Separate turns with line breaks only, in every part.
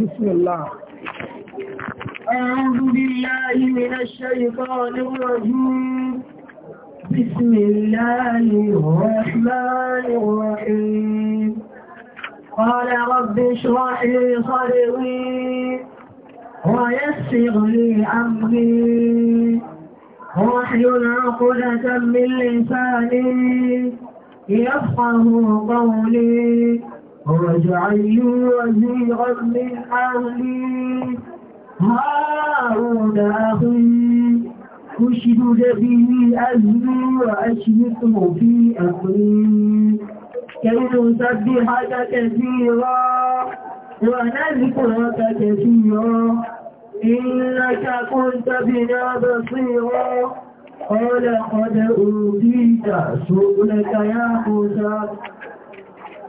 بسم الله أعوذ بالله من الشيطان الرجيم بسم الله الرحمن الرحيم قال رب اشرح لي صدري ويسر لي أمري واحلل عقدة من لساني يفقه قولي واجعل لي وزيرا من أهلي هارون أخي أشدد به أزري وأشركه في أمري كي نسبحك كثيرا ونذكرك كثيرا إنك كنت بنا بصيرا قال قد أوتيت سؤلك يا موسى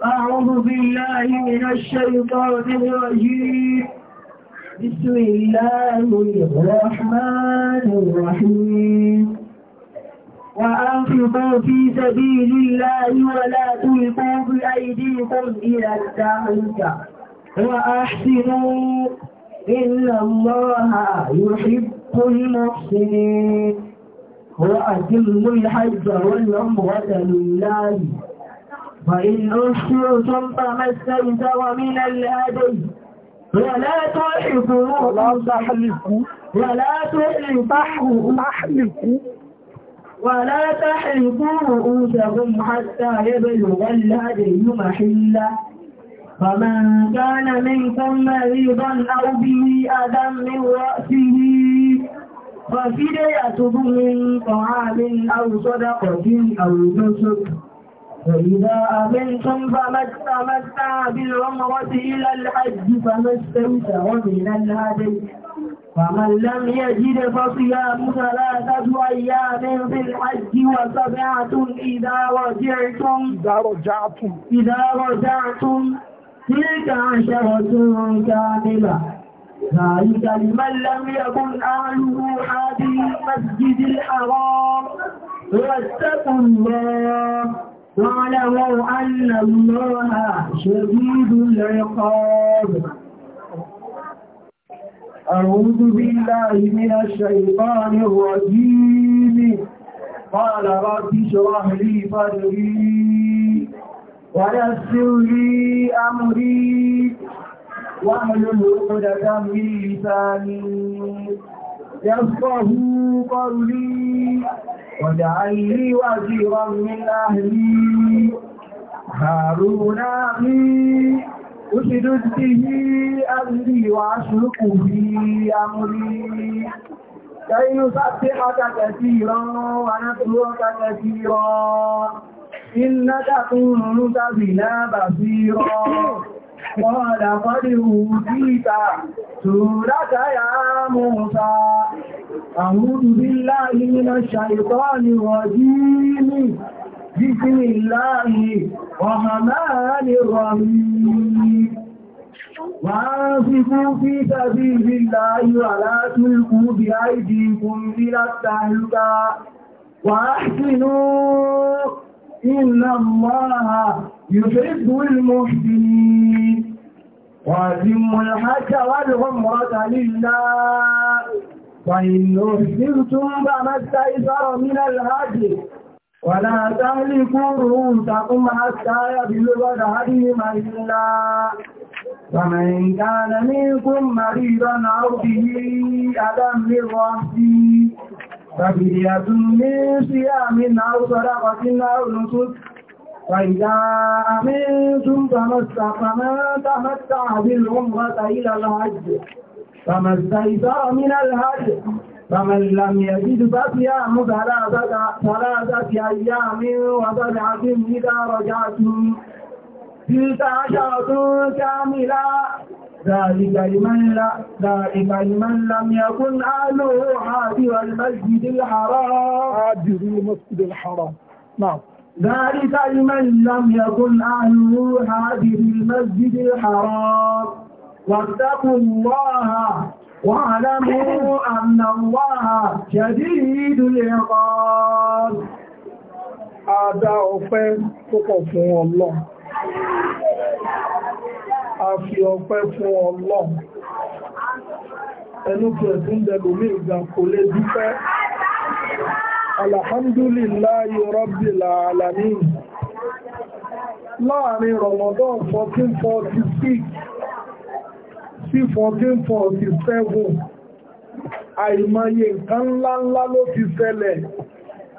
أعوذ بالله من الشيطان الرجيم بسم الله الرحمن الرحيم وأنفقوا في سبيل الله ولا تلقوا بأيديكم إلى التهلكة وأحسنوا إن الله يحب المحسنين وأتموا الحج والأمرة لله وإن أشرتم فما ومن الهدي ولا تحفوا ولا تحلقوا ولا تحلقوا ولا تحلقوا رؤوسكم حتى يبلغ الهدي محله فمن كان منكم مريضا أو به أذى من رأسه ففدية من طعام أو صدقة أو نسك فإذا أمنتم فما استمتع بالعمرة إلى الحج فما استمتع من الهدي فمن لم يجد فصيام ثلاثة أيام في الحج وسبعة إذا رجعتم إذا رجعتم إذا رجعتم تلك عشرة كاملة ذلك لمن لم يكن أهله حاضر المسجد الحرام واتقوا الله ولو أن الله شديد العقاب أعوذ بالله من الشيطان الرجيم قال رب اشرح لي صدري ويسر لي أمري واحلل عقدة من لساني يفقهوا قولي واجعل لي وزيرا من أهلي هارون أخي أشدد به أمري وأشرك به أمري كي نسبحك كثيرا ونذكرك كثيرا إنك كنت بنا بصيرا قال قد أوتيت سورة يا موسى أعوذ بالله من الشيطان الرجيم بسم الله الرحمن الرحيم وأنفقوا في سبيل الله ولا تلقوا بأيديكم إلى التهلكة وأحسنوا إن الله يحب المحسنين وأتموا الحج والعمرة لله فإن أحسنتم فما استيسر من الحج ولا تهلكوا رؤوسكم حتى يبلغ الهدي الله فمن كان منكم مريضا أو به ألم لرأسه فبرية من صيام أو صدقة أو نسك فإذا أمنتم فما استقما تمتع بالعمرة إلى الحج فما استيسر من الهج فمن لم يجد فصيام ثلاثة أيام وسبعة إذا رجعتم تلك عشرة كاملة ذلك لمن لا ذلك لمن لم يكن أهله حاضر المسجد الحرام حاضر المسجد الحرام نعم ذلك لمن لم يكن أهله حاضر المسجد الحرام واتقوا الله واعلموا أن الله شديد العقاب Adá ọpẹ́ púpọ̀ الله،
Ọlọ́run.
A
fi ọpẹ́ fún Ọlọ́run.
Ẹnú kí ẹ̀sùn dẹ̀lò mí ìgbà kò lè dúpẹ́ alhamdulillahi rabbil alamin láàrin Ramadan 1446 sí 1447 àìmọye nǹkan ńláńlá ló ti ṣẹlẹ̀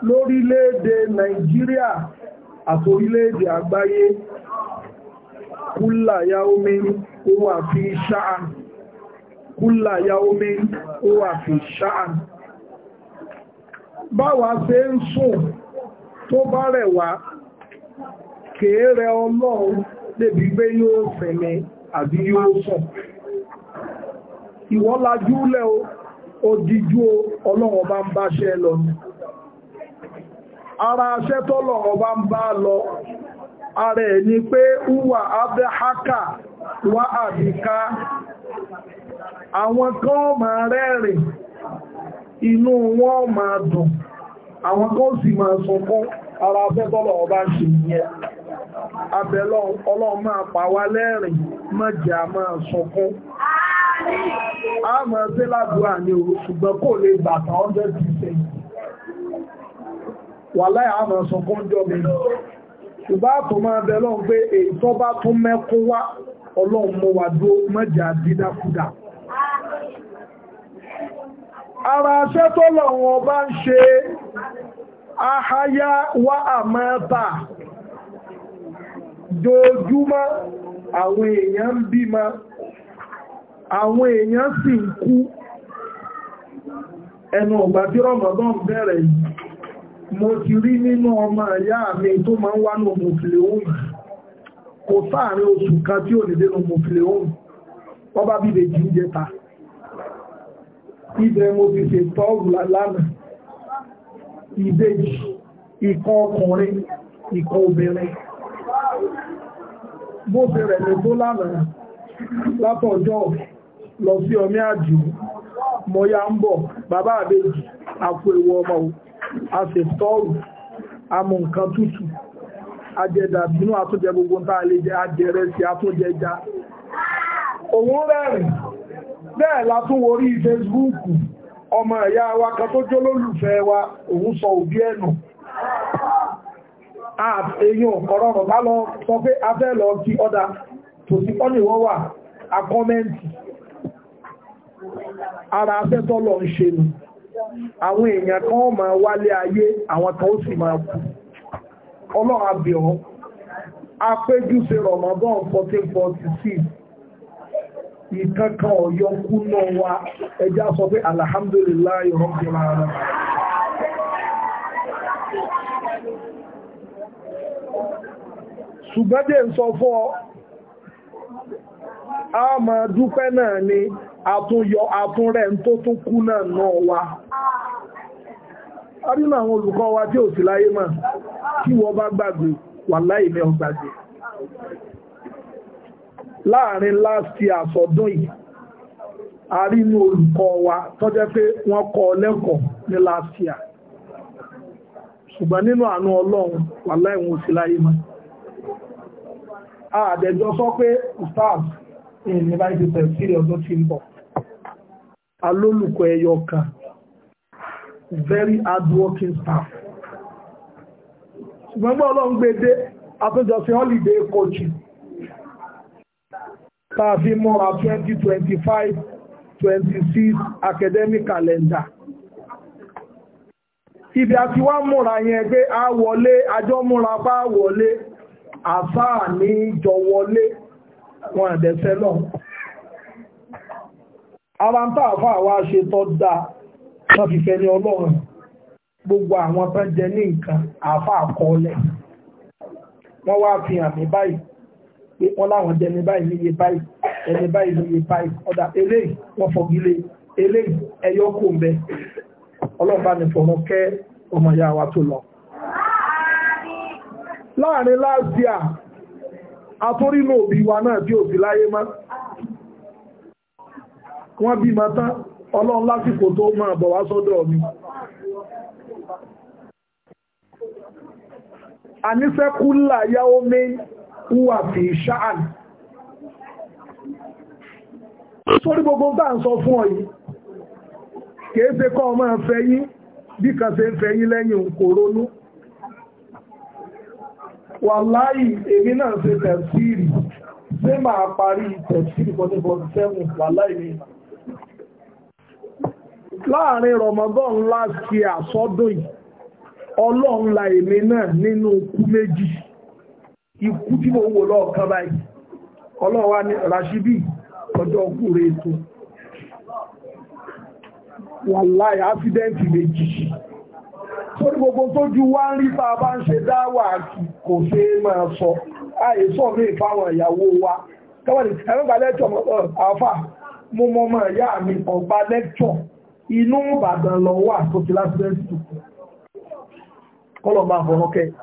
lórílẹ̀-èdè Nàìjíríà àti orílẹ̀-èdè àgbáyé kúlà ya omi ó wà fi ṣáà kúlà ya omi ó wà fi ṣáà báwa ṣe ń sùn tó bá rẹ̀ kèèrè ọlọ́run débi gbé yóò àbí yóò sùn ìwọ́ lẹ́ ọlọ́run bá ń lọ ara aṣẹ́ tọ́lọ́run bá ń bá lọ ara ni pé wà abẹ́háká wà àbíká àwọn kan máa rẹ́rìn inú wọn máa dùn àwọn tó sì máa sunkún ara afẹ́tọ́lọ̀ ọba ṣe yẹ abẹ́lọ́ ọlọ́run máa pa wá lẹ́rìn mọ́jà máa sunkún a máa ṣe ládùúrà ní o ṣùgbọ́n kò lè bàtà 100% wà láì a máa sunkún jọ mi ṣùgbọ́n àtò máa bẹ́lọ́ pé èyí tó bá tún mẹ́kún wá ọlọ́run mọ́ wà dúró mọ́jà dídákúdà ara aṣẹ́ tó lọ́wọ́ bá ń ṣe ahaya wa àmọ́ta dojúmọ́ àwọn èèyàn ń bímọ àwọn èèyàn sì ń kú ẹnu ọ̀gbà tí rọmọdán bẹ̀rẹ̀ mo ti rí nínú ọmọ ìyá mi tó máa ń wá ní kò sáàrin oṣù kan tí ò bí bèjì ń ibẹ̀ mo ti ṣe tọ́ọ̀rù lánàá ìbejì ìkan ọkùnrin ìkan obìnrin bó ṣe rẹ̀ lè tó lánàá látọ̀jọ́ lọ sí ọmí àjò mọ́ ya ń bọ̀ bàbá àbejì àpò èwọ ọmọ a ṣe tọ́ọ̀rù amọ̀ nǹkan tútù ajẹ́dà bínú àtúnjẹ gbogbo ń tàà lè jẹ ajẹ́rẹ́ sí àtúnjẹ já òun rẹ̀rìn bẹ́ẹ̀ la tún worí Facebook ọmọ ẹ̀yà wa kan tó jó lólùfẹ́ wa òun sọ òbí ẹ̀nà èyàn ọ̀rọ̀ ọ̀rọ̀ bá lọ sọ pé abẹ́ lọ kí ọdá tó sí ọ́nà ìwọ́ wà àkọ́mẹ́ntì ara abẹ́ tó lọ ń ṣe nù àwọn èèyàn kan ma wálé ayé àwọn kan ó sì máa kú ọlọ́run abẹ́ ọ apéjú 1446 ìkankan ọ̀yọ́ kúnnà wa ẹjá sọ pé alhamdulillahi rabbil alamin ṣùgbọ́n dẹ̀ ń sọ fún ọ a ma dúpẹ́ náà ni àtúnyọ àtún rẹ̀ ń tó tún kú náà náà wa a rí àwọn olùkọ́ wa tí ò sí láyé mà kí wọ́n bá gbàgbé wà láì mẹ́ ọgbàgbé Laarin last year sọ́dún yìí a rí inú olùkọ́ wa tó jẹ́ pé wọ́n kọ́ last year ṣùgbọ́n ninu àánú ọlọ́run wà láìwọ̀n sí láyé mọ́ A sọ pe stars in university tẹ̀sílẹ̀ ọdún tí ń bọ̀ alólùkọ́ ẹyọ very hardworking staff ṣùgbọ́n gbọ́ ọlọ́run gbé dé àtúnjọ holiday coaching káàfí múra 2025-26 academic calendar. Ibi àti wá múra yẹn pé a wọlé, àjọ múra bá wọlé, àfáà ní jọ wọlé, wọn àdẹ̀sẹ́ lọ. Ara ń tà àfáà wá ṣe tọ́ dáa, wọ́n fi fẹ́ ní ọlọ́run. Gbogbo àwọn tán jẹ ní nǹkan, àfáà kọ́lẹ̀. Wọ́n wá fi hàn mí báyìí. pé wọ́n láwọn jẹ́ ní báyìí níye báyìí ẹni báyìí níye báyìí eléyìí wọ́n eléyìí kò ń bẹ ọlọ́run bá ọmọ ìyá wa lọ. láàrin láàzì à àtúrínú òbí wa náà bí òbí láyé wọ́n bí tán ọlọ́run lásìkò tó máa wúwà fi ṣáàn sórí gbogbo bá ń sọ fún ọ̀yí kìí ṣe kọ́ ọmọ ẹ̀fẹ́ yí bí kan ṣe ń fẹ́ yí lẹ́yìn kò ronú wàláhì èmi náà ṣe tẹ̀síìrì ṣé máa parí tẹ̀síìrì 47 wàláhì ní ìmọ̀ láàrin Ramadan last year sọ́dún yìí ọlọ́run la èmi náà nínú ikú méjì ikú tí mo wò lọ́ọ̀kan báyìí ọlọ́wà ní rashidi ọjọ́ ọkú rẹ̀ ètò wàláì áfídẹ́ǹtì méjì sórí gbogbo tó ju wá ń rí bá bá ń ṣe dáwà kò ṣe é máa sọ ààyè sọ mí ìfáwọn ìyàwó wa kọ́wọ́n ní ẹgbẹ́gbà lẹ́tọ̀ àfà mú mọ́ mọ́ ìyá mi ọ̀gbà lẹ́tọ̀ inú Ìbàdàn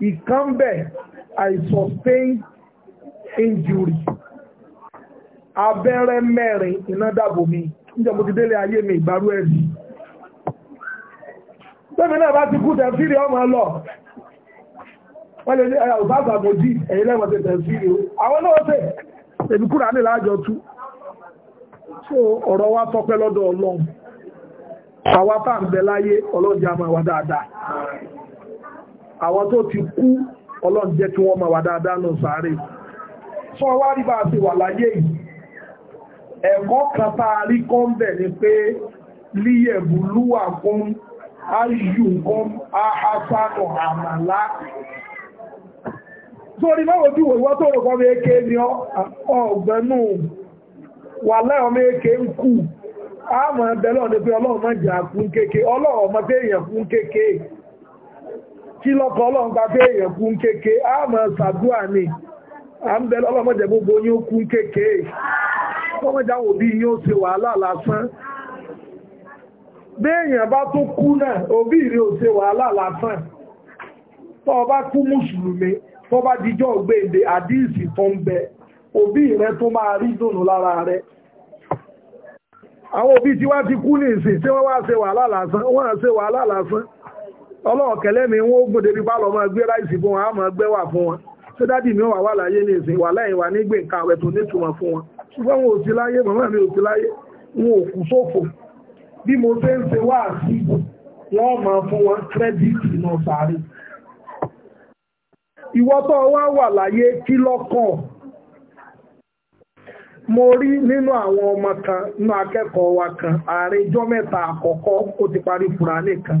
ìkan bẹ̀ i sustained injury abẹ́rẹ́ mẹ́rin iná dàbò mi níjẹ́ mo ti délé ayé mi ìgbárú ẹ̀rí náà bá ti kú ọmọ lọ wọ́n lè ní ẹ̀yà òbáàbà mojì ẹ̀yìn lẹ́wọ̀n ti o àwọn náà tẹ̀ èmi kúrò so ọ̀rọ̀ wa lọ́dọ̀ ọlọ́run àwa ń bẹ láyé ọlọ́jà máa àwọn tó ti kú ọlọ́run jẹ́ kí wọ́n máa wà dáadáa sáré fún ọwá rí bá wà láyé yìí ẹ̀kọ́ kan rí ni pé líyẹ̀bù lúwà kún áyù kún áhásánù àmàlá sórí tó ni ọ̀gbẹ́nù àmọ́ ni pé jẹ́ àkún kéèké kí lọ́kọ̀ ọlọ́run gba pé èèyàn kú ń kéèké a mọ̀ ṣàdúrà ni a ń bẹ ọlọ́mọdé gbogbo yín ó kú ń kéèké ọmọdé àwọn òbí yín ó ṣe wàhálà lásán béèyàn bá tó kú náà òbí rẹ̀ ò ṣe wàhálà lásán tó bá kú mùsùlùmí tó bá dijọ́ gbèdè àdíìsì tó ń bẹ òbí rẹ̀ tó máa rí dùnú lára rẹ̀ àwọn òbí tí wá ti kú ní tí wọ́n wá ṣe wàhálà lásán wọ́n ṣe wàhálà lásán ọlọ́run kẹlẹ́ mi wọ́n gbòde bí bá lọ máa gbé ráìsì fún wọn á máa gbé wà fún wọn tó dádì mi wà wà láyé ní ìsìn wà lẹ́yìn wà nígbè nǹkan àwẹ̀ tó nítumọ̀ fún wọn ṣùgbọ́n wọn ò sí láyé màmá mi ò sí láyé wọn ò kú sófò bí mo ṣe ń ṣe wá sí wọ́n máa fún wọn kírẹ́dìtì náà sáré ìwọ tó wá wà láyé kí lọ́kàn mo rí nínú àwọn ọmọ kan nínú akẹ́kọ̀ọ́ wa kan ààrẹ ijọ́ mẹ́ta àkọ́kọ́ ó ti parí fúra nìkan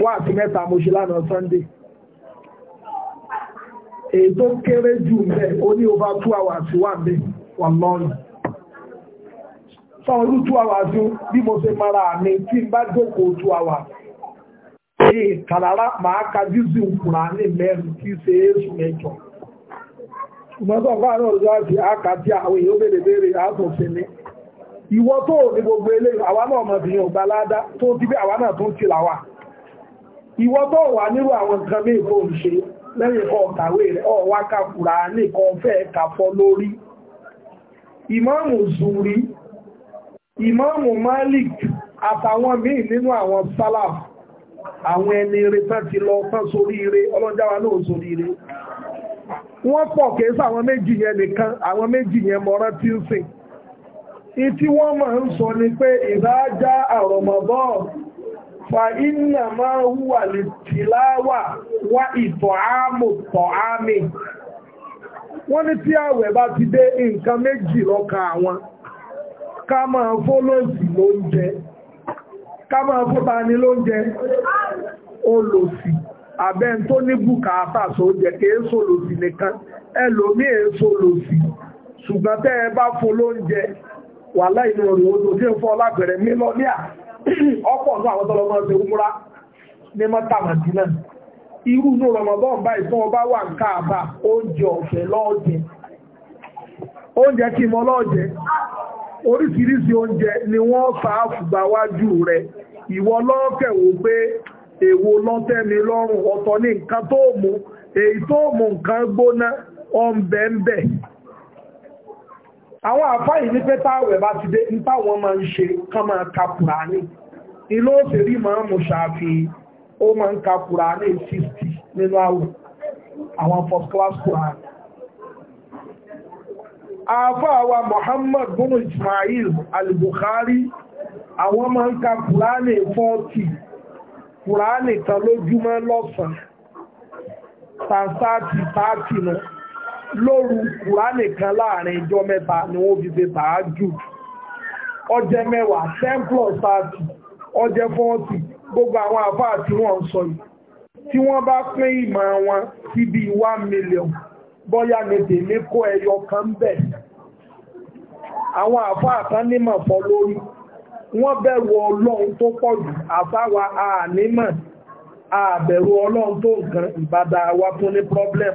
wáàtí mẹ́ta mo ṣe lánàá Sunday èyí tó kéré jù mẹ́ ó ní over two hours wà mẹ́ wà lọ́rùn sọ́ọ̀lú two hours bí mo ṣe mara mi tí n bá jókòó two hours èyí kàlára máa ka jíjù kùrà ní mẹ́rin tí ṣe é sùn mẹ́jọ ìmọ̀tọ̀ fáàrin ọ̀dọ́ àti àkàtì àwọn èèyàn bèèrè tó ní gbogbo eléyìí àwa náà mọ̀ gbalada tó ti bí àwa náà tó ń tìlà ìwọ tó wà nírú àwọn nǹkan bí ìfò ń ṣe lẹ́yìn kọ́ kàwé rẹ̀ ọ̀ wá kàkùrà nìkan fẹ́ kàfọ́ lórí ìmáàmù zuri ìmáàmù malik àtàwọn míì nínú àwọn salaf àwọn ẹni retá ti lọ tán sórí ire ọlọ́jáwá náà sórí ire wọ́n pọ̀ kèésì àwọn méjì yẹn nìkan àwọn méjì yẹn mọ́ra tí ń sìn ìtí wọ́n máa ń sọ ni pé ìdájá àrọ̀mọ̀bọ́ọ̀ fa ma huwa litilawa wa ìtọ̀ámù tọ̀ámì wọ́n ní tí àwẹ̀ bá ti dé nǹkan méjì lọ́ka àwọn ká máa fólòsì lóúnjẹ ká máa fóta ní lóúnjẹ olòsì àbẹ́ tó ní bùkátà sóúnjẹ kìí sólòsì nìkan ẹlòmí èé sólòsì ṣùgbọ́n tẹ́ ẹ bá fún lóúnjẹ wà láìní ọ̀rọ̀ òdòdó ọ̀pọ̀ ní àwọn tọ́lọ́mọ́ ṣe umra ní mọ́ta irú ní rọmọbọ́n báyìí fún ọba wà ń káàbà oúnjẹ ọ̀fẹ́ lọ́ọ̀jẹ́ oúnjẹ kí mọ́ oúnjẹ ni wọ́n wájú rẹ̀ ìwọ lọ́ọ̀kẹ̀wò pé èwo lọ́tẹ́mi lọ́rùn ọ̀tọ̀ ní tó mú èyí tó mú nǹkan gbóná àwọn àfáì ní pé táwẹ̀ bá ti dé ní táwọn máa ń ṣe kán máa ka kùránì ilé òṣèré máa mú ṣàfi ó máa ń ka kùránì 60 nínú àwọ̀ àwọn first class kùránì àfáà wa Muhammad bin Ismail al-Bukhari àwọn máa ń ka kùránì 40 kùránì kan lójúmọ́ lọ́sàn-án tàǹsáàtì 30 lóru kùránì kan láàrin ìjọ mẹ́ta ni wọ́n fi ṣe tààjù ọjẹ́ mẹ́wàá ten plus thirty ọjẹ́ forty gbogbo àwọn àfáà tí wọ́n ń sọ yìí tí wọ́n bá pín ìmọ̀ wọn sí bíi one million bọ́yá ni tèmi kó ẹyọ kan bẹ̀ àwọn àfáà kan nímọ̀ fọ́ lórí wọ́n bẹ̀rù ọlọ́run tó pọ̀ jù àfáwa ànímọ̀ àbẹ̀rù ọlọ́run tó nǹkan ìbádá wa tún ní problem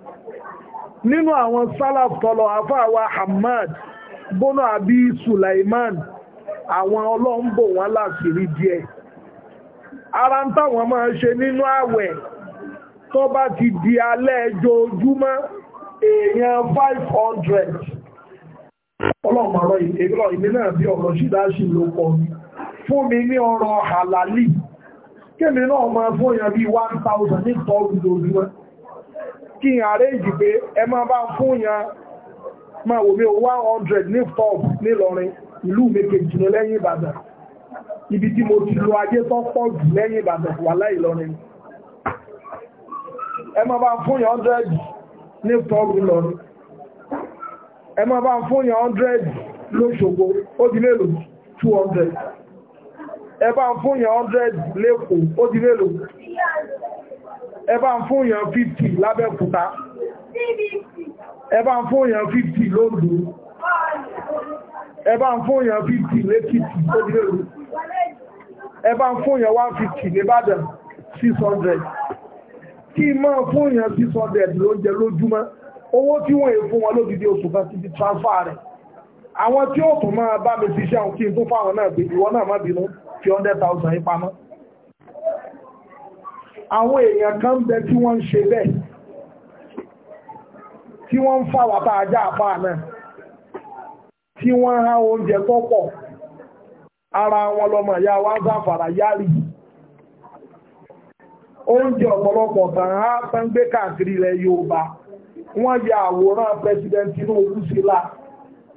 nínú àwọn salaf tọlọ afáwa Hamad bọ́nà àbí Sulaiman àwọn ọlọ́mbò wọn láṣìírí díẹ̀ ara ń táwọn máa ṣe nínú ààwẹ̀ tó bá ti di alẹ́ ẹjọ́ ojúmọ́ èèyàn 500 ọlọ́mọ̀rọ̀ ìgbẹ̀rọ ìmì náà bí ọ̀rọ̀ ṣídáṣì ló pọ̀ fún mi ní ọ̀rọ̀ halali kémi náà máa fún èèyàn bí 1000 ní tọ́ọ̀dù kí n ààrẹ ìjì pé ẹ máa bá fún yàn máa wò mí 100 ní fọ́ọ̀b nílọrin ìlú mi kejì ní lẹ́yìn ìbàdàn ibi tí mo ti lo ajé tó pọ̀ jù lẹ́yìn ìbàdàn wà láì lọrin ẹ máa bá fún yàn 100 ní fọ́ọ̀b nílọrin ẹ máa bá fún yàn 100 lóṣogbo ó di mélòó 200 ẹ bá fún yàn 100 lẹ́kọ̀ọ́ ó di mélòó ẹ bá ń fún èèyàn 50 lábẹ́kúta
ẹ bá ń fún èèyàn
50 lóòdó ẹ bá ń fún èèyàn 50 lẹ́kìtì tó lérò ẹ bá ń fún èèyàn 150 lẹ́bàdàn 600 kí mọ́ fún èèyàn 600 lóúnjẹ lójúmọ́ owó tí wọ́n èé fún wọn lódìdí oṣù kan ti di transfer rẹ̀ àwọn tí ó tún máa bá mi ṣiṣẹ́ òun kí n tó fáwọn náà gbé ìwọ náà má bínú fi 100,000 yí àwọn èèyàn kan bẹ tí wọ́n ń ṣe bẹ́ẹ̀ tí wọ́n ń fà wàtà ajá àpá náà tí wọ́n há oúnjẹ tó pọ̀ ara wọn lọmọ ìyá wa Zamfara Yari oúnjẹ ọ̀pọ̀lọpọ̀ tàn á tán gbé káàkiri ilẹ̀ Yorùbá wọ́n ya àwòrán president Tinubu sí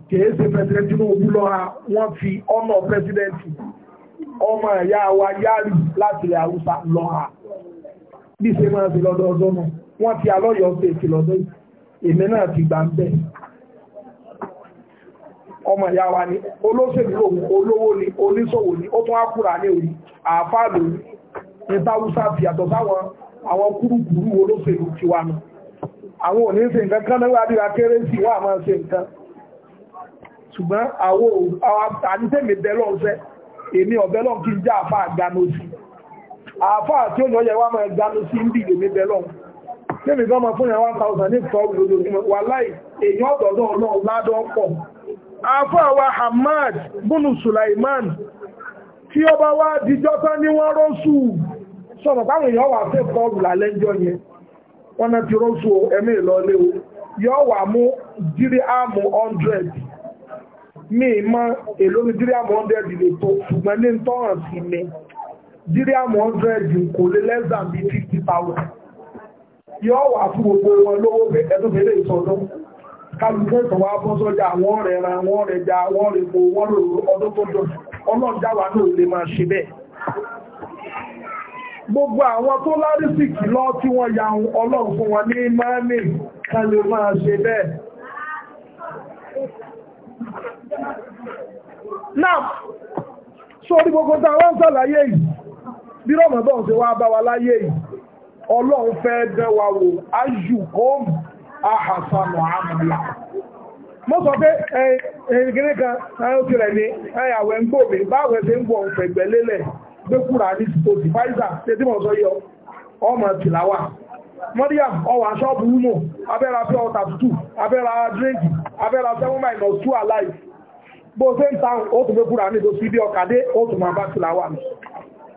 kìí ṣe president Tinubu lọ́ra wọ́n fi ọ̀nà president ọmọ ìyá wa Yari láti ilẹ̀ Haúsá lọ́ra bí ṣe máa fi lọ́dọọdún náà wọ́n ti alọ́yọ̀ ṣe ti lọ́dọ̀ èmi náà ti gbà ń bẹ̀. ọmọ ìyá wa ni olóṣèlú òun olówó ni oníṣòwò ni ó tún ákùrà ní òní àáfàá lòní ní táwùsà ti yàtọ̀ sáwọn àwọn kúrúkúrú olóṣèlú tiwa nù àwọn òní ṣe nǹkan kan náà wáyé wa sí wọn àmọ́ ṣe nǹkan ṣùgbọ́n àwọn àdìsẹ́mi bẹ́lọ̀ ṣẹ́ èmi ọ̀bẹ́lọ̀ kí n jẹ́ àfa àgbàmọ́sí àfá àti ó lọ́yẹ ma máa gbanú sí ń bí ìlèmí bẹ́lọ́n lèmi gan ma fún ìyàwó 1000 ní ìfọ́ òjòjò wà láì èyàn ọ̀dọ̀dọ̀ náà ládọ́ pọ̀ àfá wa Hamad búnú Sulaiman tí ó bá wá dijọ́ ní wọ́n rọ́sù sọ̀rọ̀ wà yẹn wà díríàmù hundred kò lè less than be bí 50,000 yóò wà fún gbogbo wọn lówó ẹ̀tọ́ fẹ́lẹ̀ ìsọdún kálùkẹ́ ìtọ̀wà bọ́ sọ́jà wọ́n rẹ̀ ra wọ́n rẹ̀ já wọ́n rẹ̀ po wọ́n rò ọdún tó jọ ọlọ́jáwà náà lè máa ṣe bẹ́ẹ̀ gbogbo àwọn tó lárísìkì lọ tí wọ́n ya ọlọ́run fún wọn ní mẹ́rin ká lè máa ṣe bẹ́ẹ̀ náà sórí gbogbo tá wọ́n sàlàyé yìí bí rọmọdún ṣe wá bá wa láyé yìí ọlọ́run fẹ́ dán wò ájù kóòmù àhàsánù àmàlà mo sọ pé kan ẹ̀yìn ní ẹ̀yàwẹ̀ ń gbòmí báwẹ̀ ń ní yọ ọmọ tìláwà mọ́díyà ọwà ṣọ́ọ̀bù abẹ́ra ọta tútù abẹ́ra abẹ́ra seven minus two alive bó ṣe ń ta ọkàdé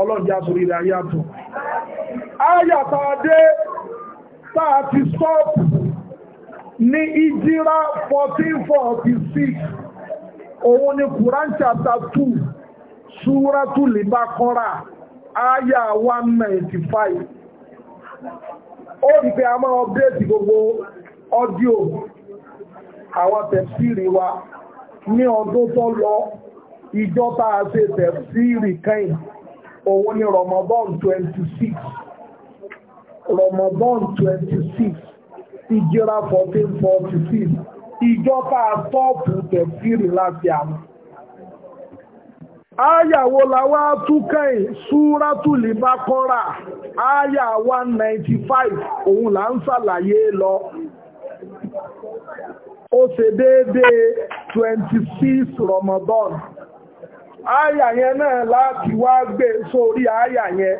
ọlọ́njẹ́ àtòrí rẹ̀ ayé àtò ayàtàdé táà ti sọ́ọ̀pù ní ìjírá 1446 òun ni Quran chapter 2 Suratul Baqara ayà 195 ó rí pé a máa update gbogbo audio àwọn tẹ̀síìrì wa ní ọdún tó lọ ìjọba àti tẹ̀síìrì kẹ́yìn òun ni Ramadan 26 Ramadan 26 ìjírá 1446 ìjọba àtọ́pù tẹ̀fìrì láti àmì Áyàwó làwá túnkẹ̀yìn Súrátùlì Bákọ́rà, áyà 195, òun là ń ṣàlàyé lọ. Ó ṣe déédéé 26 Ramadan áyà yẹn náà láti wá gbé sórí áyà yẹn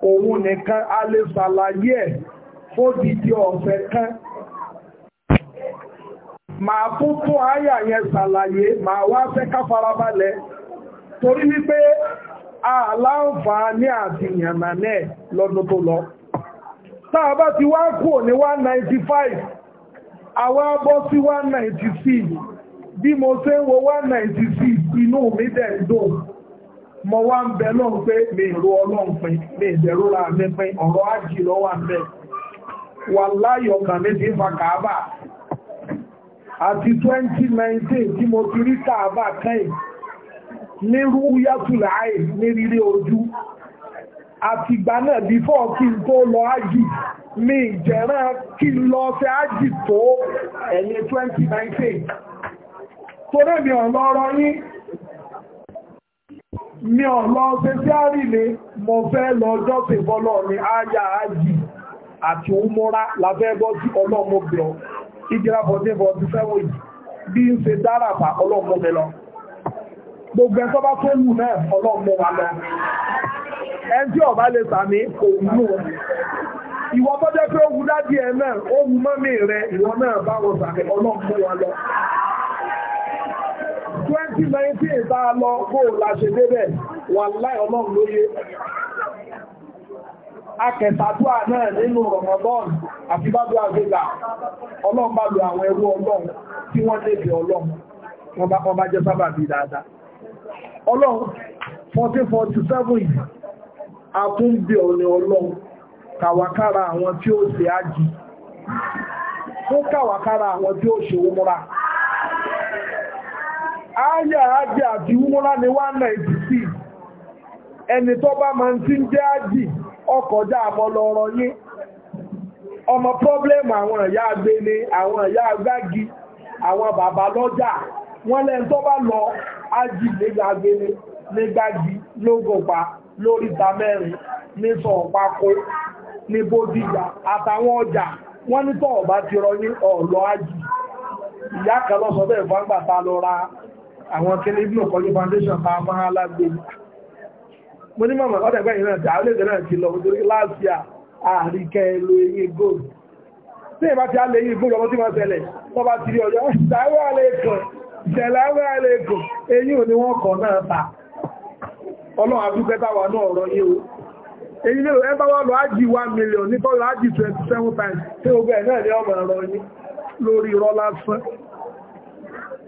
òun nìkan a lè ṣàlàyé ẹ̀ fódìdí ọ̀fẹ́ kan màá fún fún áyà yẹn ṣàlàyé màá wá fẹ́ ká farabalẹ̀ torí wípé ní àti ìyànà náà lọ́dún tó lọ táà bá ti wá kúrò ní 195 àwa bọ́ sí 196 bí mo ṣe ń wo 196 inú mi dẹ̀ ń dùn mo wá ń bẹ lọ́n pé mi ìró ọlọ́run pin mi ìdẹ̀rúra mi pin ọ̀rọ̀ ájì lọ wà mẹ́ wà láyọ̀ kàn mi ti fa kàábà àti 2019 tí mo ti rí kàábà kẹ́yìn ní rúyàtùlà àì ní rírí ojú àtìgbà náà bífọ́ kí n tó lọ ájì mi ìjẹ̀rán kí n lọ sí ájì tó ẹ̀yìn 2019 torí mi ọ̀lọ́ ọ̀rọ̀ yín mi ọ̀lọ́ ṣe sí àrílé mo fẹ́ lọ jọ́sìn bọ́lọ̀ ní àyà àjì àti òmúra lábẹ́ bọ́ sí ọlọ́mọbìnrin ìjìra bọ̀dé bọ̀dé fẹ́wọ̀ yìí bí ń ṣe dáràbà ọlọ́mọbìnrin lọ gbogbo ẹ̀tọ́ bá tó wù náà ọlọ́mọ wa lọ ẹni tí ọba lè sàmì kò wúlò ìwọ tó jẹ́ pé ó wù dádìí ẹ̀ náà ó wù mọ́mí rẹ̀ ìwọ náà bá wọ 2019 tá a lọ kó láṣẹ débẹ̀ wà láì ọlọ́run lóye akẹtàdúà náà nínú Ramadan àti bábá àgbégbà ọlọ́run bá lo àwọn ẹrú ọlọ́run tí wọ́n lébi ọlọ́run wọ́n bá jẹ́ sábà bí dáadáa ọlọ́run 1447 yìí àtúnbí ọ̀nà ọlọ́run kàwàkára àwọn tí ó ṣe ájì fún kàwàkára àwọn tí ó ṣe òmúra ááyà ájì àti wúmọ́lá ní 196 ẹni tó bá máa ti ń jẹ́ ájì ọkọ̀já àmọ́lọ́rọ̀ yín ọmọ pọ́blẹ́mù àwọn ìyá agbéni àwọn ìyá agbági àwọn bàbá lọ́jà wọ́n lẹ́n tó bá lọ ájì nígbàgbéni nígbàgi lógòpa lóríta mẹ́rin ní sọ̀pákó ní bódìjà àtàwọn ọjà wọ́n ní tọ́ọ̀bá ti rọ ní ọ̀lọ́ ájì ìyá kan lọ́sọ bẹ́ẹ̀ fún àgbàta lọ ra àwọn kẹlẹ́ ibi òkọ́jú foundation máa máa lágbé mo ní mọ̀mọ́ ọ̀dẹ̀ pẹ́ ìrìn àti àwọn ìdẹ̀rẹ̀ ti lọ nítorí láti àríkẹ́ lo eyín gold tí ìbá ti alẹ́ yìí gold ọmọ tí wọ́n tẹ̀lẹ̀ wọ́n bá ti rí ọjọ́ ìdáwọ́ alẹ́ kan ìṣẹ̀lẹ̀ awẹ́ alẹ́ kan eyín ò ní wọ́n kọ̀ náà ta ọlọ́run àdúgbẹ́ táwa náà ọ̀rọ̀ yìí o èyí ní ẹ bá wá lọ ájì 1 million nítorí ájì 27 times tí ogun ẹ̀ náà ní ọmọ ọ̀rọ̀ yìí lórí rọ́ lásán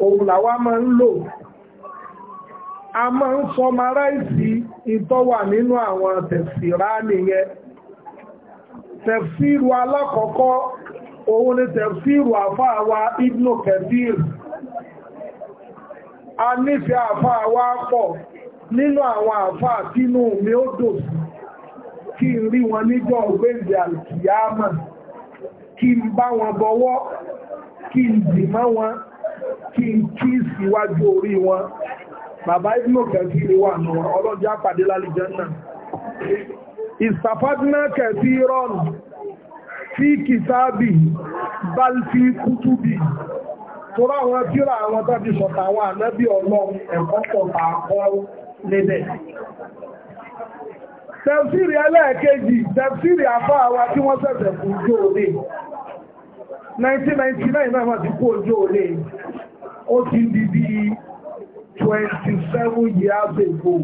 òun làwa máa ń lò a máa ń sọmaráìsì ìtọ́wà nínú àwọn tẹ̀sìrá nìyẹn tẹ̀sìrù alákọ̀ọ́kọ́ òun ni tẹ̀sìrù àfáàwà Ibn Kathir a nífẹ̀ẹ́ awa pọ̀ nínú àwọn àfáà tínú mi ó dò sí kí n rí wọn níjọ́ ọgbẹ́ǹdẹ̀ àlùkìyámà kí n bá wọn bọwọ́ kí n dì mọ́ wọn kí n kí síwájú orí wọn bàbá ìdínlọ́kẹ̀ sí ilé wà náà ọlọ́jọ́ àpàdé lálejẹ́ náà ìsàfádínà kẹ̀sí rọ́nù tí kìtàbì bá fi kútùbì tó ráwọn tíra àwọn tàbí sọ̀tà àwọn ànábì ọlọ́run ẹ̀kọ́ sọ̀tà àkọ́ lédẹ̀ tẹ̀síìrì ẹlẹ́ẹ̀kejì tẹ̀síìrì àfáà wa tí wọ́n ṣẹ̀ṣẹ̀ fún jóòrè 1999 náà máa ti kú ojú òlé ó ti di bí 27 years ago